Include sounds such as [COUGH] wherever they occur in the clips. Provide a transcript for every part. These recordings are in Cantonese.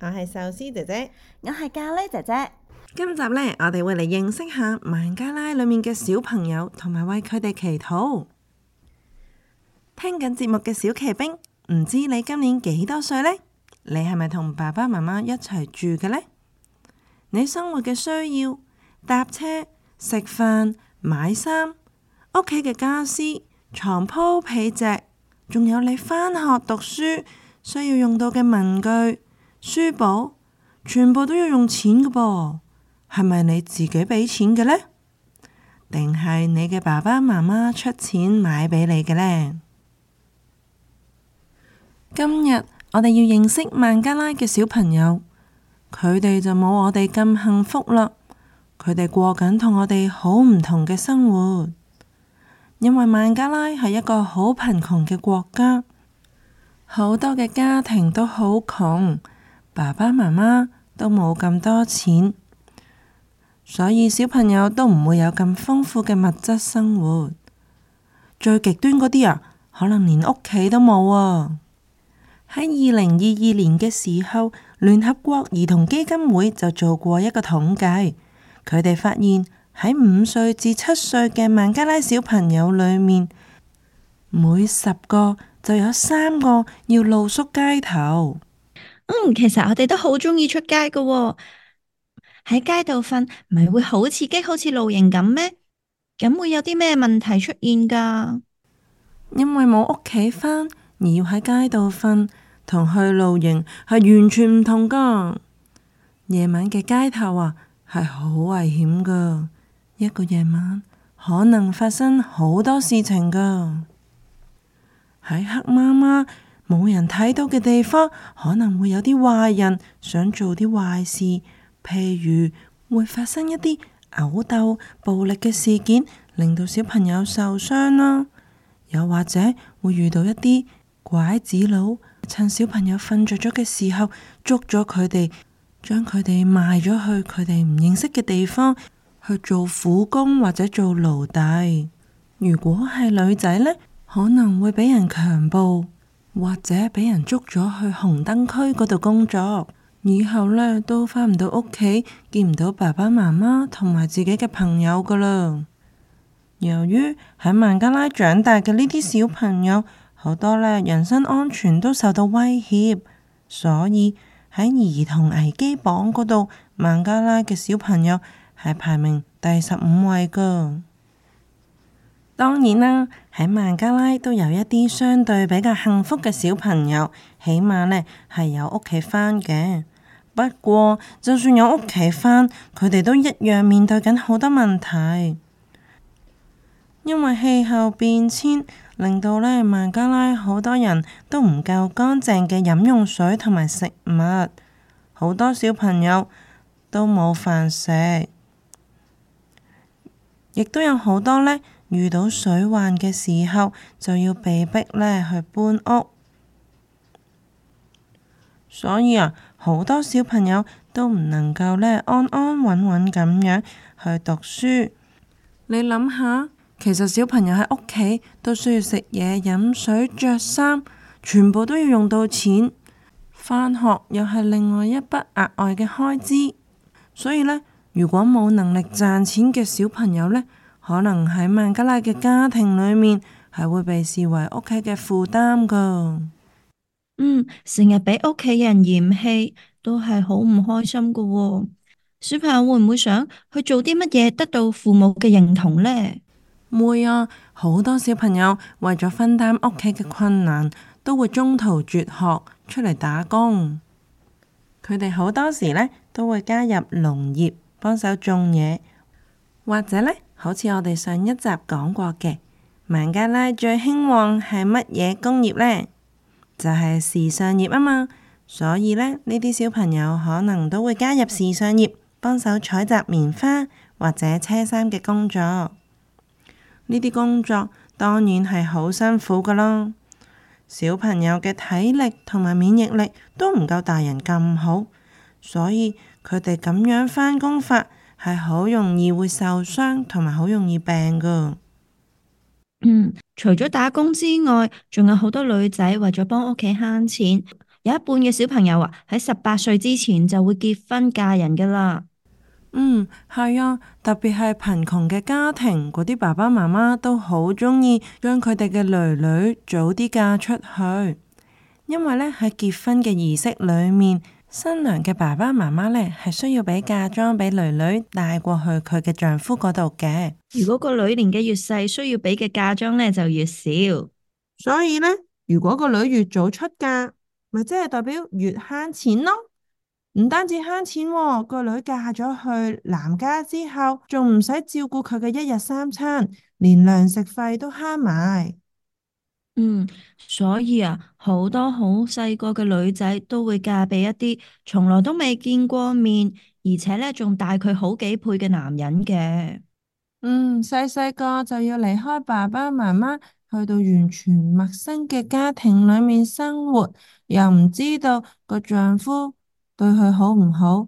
我係壽司姐姐，我係咖喱姐姐。今集咧，我哋會嚟認識下孟加拉裏面嘅小朋友，同埋為佢哋祈禱。聽緊節目嘅小奇兵，唔知你今年幾多歲咧？你係咪同爸爸媽媽一齊住嘅咧？你生活嘅需要搭車、食飯、買衫，屋企嘅家私、床鋪、被席，仲有你返學讀書需要用到嘅文具。書簿全部都要用錢㗎噃，係咪你自己俾錢㗎呢？定係你嘅爸爸媽媽出錢買俾你嘅呢？今日我哋要認識孟加拉嘅小朋友，佢哋就冇我哋咁幸福啦。佢哋過緊同我哋好唔同嘅生活，因為孟加拉係一個好貧窮嘅國家，好多嘅家庭都好窮。爸爸媽媽都冇咁多錢，所以小朋友都唔會有咁豐富嘅物質生活。最極端嗰啲啊，可能連屋企都冇啊！喺二零二二年嘅時候，聯合國兒童基金會就做過一個統計，佢哋發現喺五歲至七歲嘅孟加拉小朋友裏面，每十個就有三個要露宿街頭。嗯，其實我哋都好中意出街噶喎，喺街度瞓，唔係會好刺激，好似露營咁咩？咁會有啲咩問題出現噶？因為冇屋企返，而要喺街度瞓，同去露營係完全唔同噶。夜晚嘅街頭啊，係好危險噶，一個夜晚可能發生好多事情噶。喺黑媽媽，冇人睇到嘅地方，可能會有啲壞人想做啲壞事，譬如會發生一啲毆鬥、暴力嘅事件，令到小朋友受傷啦。又或者會遇到一啲拐子佬，趁小朋友瞓着咗嘅時候捉咗佢哋，將佢哋賣咗去佢哋唔認識嘅地方去做苦工或者做奴隸。如果係女仔呢，可能會俾人強暴。或者俾人捉咗去紅燈區嗰度工作，以後呢都返唔到屋企，見唔到爸爸媽媽同埋自己嘅朋友㗎啦。由於喺孟加拉長大嘅呢啲小朋友好多呢，人身安全都受到威脅，所以喺兒童危機榜嗰度，孟加拉嘅小朋友係排名第十五位㗎。當然啦，喺孟加拉都有一啲相對比較幸福嘅小朋友，起碼呢係有屋企翻嘅。不過就算有屋企翻，佢哋都一樣面對緊好多問題，因為氣候變遷令到呢孟加拉好多人都唔夠乾淨嘅飲用水同埋食物，好多小朋友都冇飯食，亦都有好多呢。遇到水患嘅時候，就要被迫呢去搬屋，所以啊，好多小朋友都唔能夠呢安安穩穩咁樣去讀書。你諗下，其實小朋友喺屋企都需要食嘢、飲水、着衫，全部都要用到錢。返學又係另外一筆額外嘅開支，所以呢，如果冇能力賺錢嘅小朋友呢，可能喺孟加拉嘅家庭裏面，係會被視為屋企嘅負擔噶。嗯，成日畀屋企人嫌棄，都係好唔開心噶。小朋友會唔會想去做啲乜嘢得到父母嘅認同呢？會啊，好多小朋友為咗分擔屋企嘅困難，都會中途輟學出嚟打工。佢哋好多時呢，都會加入農業，幫手種嘢，或者呢。好似我哋上一集講過嘅，孟加拉最興旺係乜嘢工業呢？就係時尚業啊嘛。所以呢，呢啲小朋友可能都會加入時尚業，幫手採集棉花或者車衫嘅工作。呢啲工作當然係好辛苦噶啦。小朋友嘅體力同埋免疫力都唔夠大人咁好，所以佢哋咁樣返工法，係好容易會受傷同埋好容易病噶嗯， [COUGHS] 除咗打工之外，仲有好多女仔為咗幫屋企慳錢。有一半嘅小朋友啊，喺十八歲之前就會結婚嫁人噶啦。嗯，係啊，特別係貧窮嘅家庭，嗰啲爸爸媽媽都好鍾意將佢哋嘅女女早啲嫁出去，因為呢，喺結婚嘅儀式裏面，新娘嘅爸爸媽媽咧，係需要俾嫁妝俾女女帶過去佢嘅丈夫嗰度嘅。如果個女年紀越細，需要俾嘅嫁妝咧就越少。所以咧，如果個女越早出嫁，咪即係代表越慳錢咯。唔單止慳錢，個女嫁咗去男家之後，仲唔使照顧佢嘅一日三餐，連糧食費都慳埋。嗯，所以啊，好多好細個嘅女仔都會嫁俾一啲從來都未見過面，而且呢仲大佢好幾倍嘅男人嘅。嗯，細細個就要離開爸爸媽媽，去到完全陌生嘅家庭裏面生活，又唔知道個丈夫對佢好唔好。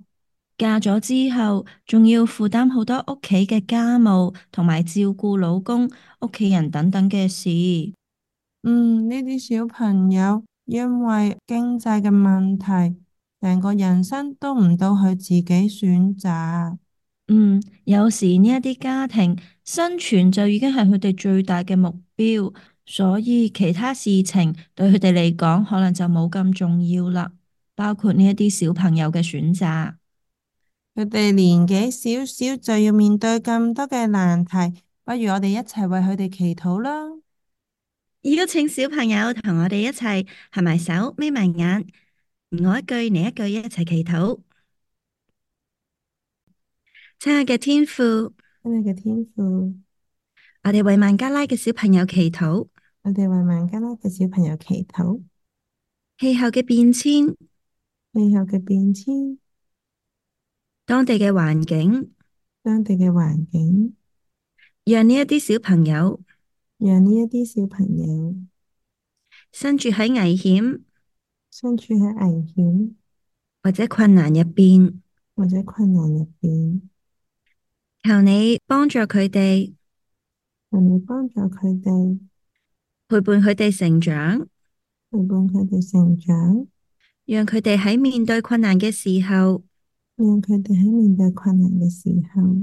嫁咗之後，仲要負擔好多屋企嘅家務同埋照顧老公、屋企人等等嘅事。嗯，呢啲小朋友因為經濟嘅問題，成個人生都唔到佢自己選擇。嗯，有時呢一啲家庭生存就已經係佢哋最大嘅目標，所以其他事情對佢哋嚟講可能就冇咁重要啦。包括呢一啲小朋友嘅選擇，佢哋年紀少少就要面對咁多嘅難題，不如我哋一齊為佢哋祈禱啦。而家請小朋友同我哋一齊合埋手，眯埋眼，我一句，你一句，一齊祈禱。親愛嘅天父，親愛嘅天父。我哋為孟加拉嘅小朋友祈禱，我哋為孟加拉嘅小朋友祈禱。氣候嘅變遷，氣候嘅變遷，當地嘅環境，當地嘅環境，讓呢一啲小朋友。讓呢一啲小朋友身處喺危險，身處喺危險，或者困難入邊，或者困難入邊，求你幫助佢哋，求你幫助佢哋，陪伴佢哋成長，陪伴佢哋成長，讓佢哋喺面對困難嘅時候，讓佢哋喺面對困難嘅時候，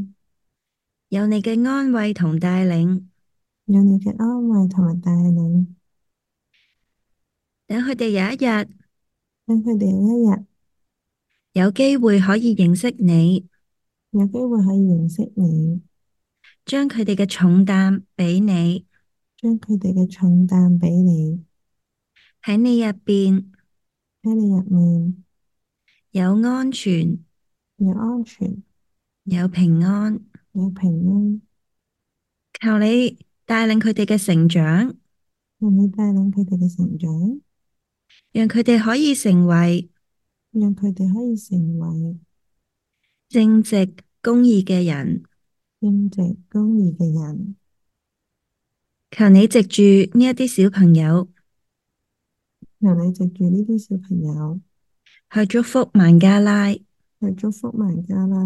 有你嘅安慰同帶領。有你嘅安慰同埋帶領。等佢哋有一日，等佢哋有一日，有機會可以認識你，有機會可以認識你，將佢哋嘅重擔畀你，將佢哋嘅重擔畀你。喺你入邊，喺你入面有安全，有安全，有平安，有平安，求你。帶領佢哋嘅成長，求你帶領佢哋嘅成長，讓佢哋可以成為，讓佢哋可以成為正直公義嘅人，正直公義嘅人。求你藉住呢一啲小朋友，求你藉住呢啲小朋友，去祝福孟加拉，去祝福孟加拉。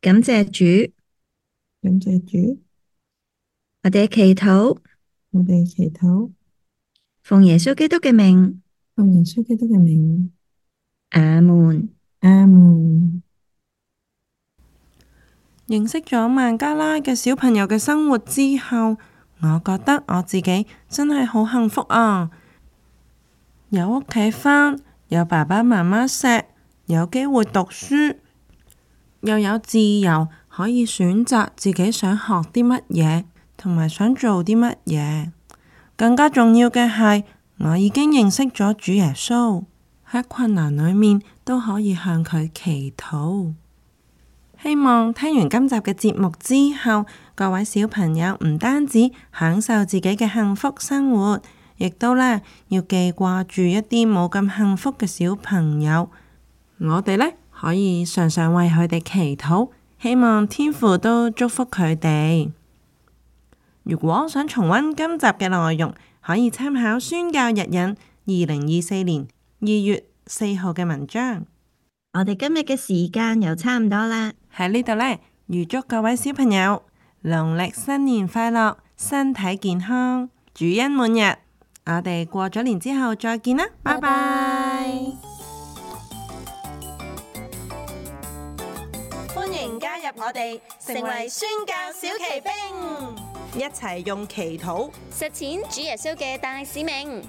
感謝主，感謝主。我哋祈禱，我哋祈禱，奉耶穌基督嘅名，奉耶穌基督嘅名，阿門，阿門。認識咗孟加拉嘅小朋友嘅生活之後，我覺得我自己真係好幸福啊！有屋企返，有爸爸媽媽錫，有機會讀書，又有自由可以選擇自己想學啲乜嘢。同埋想做啲乜嘢？更加重要嘅係，我已經認識咗主耶穌，喺困難裏面都可以向佢祈禱。希望聽完今集嘅節目之後，各位小朋友唔單止享受自己嘅幸福生活，亦都呢要記掛住一啲冇咁幸福嘅小朋友。我哋咧可以常常為佢哋祈禱，希望天父都祝福佢哋。如果想重溫今集嘅內容，可以參考《宣教日引》二零二四年二月四號嘅文章。我哋今日嘅時間又差唔多啦，喺呢度呢，預祝各位小朋友農曆新年快樂，身體健康，主恩滿日。我哋過咗年之後再見啦，拜拜 bye！歡迎加入我哋，成為宣教小騎兵。一齊用祈禱實踐主耶穌嘅大使命。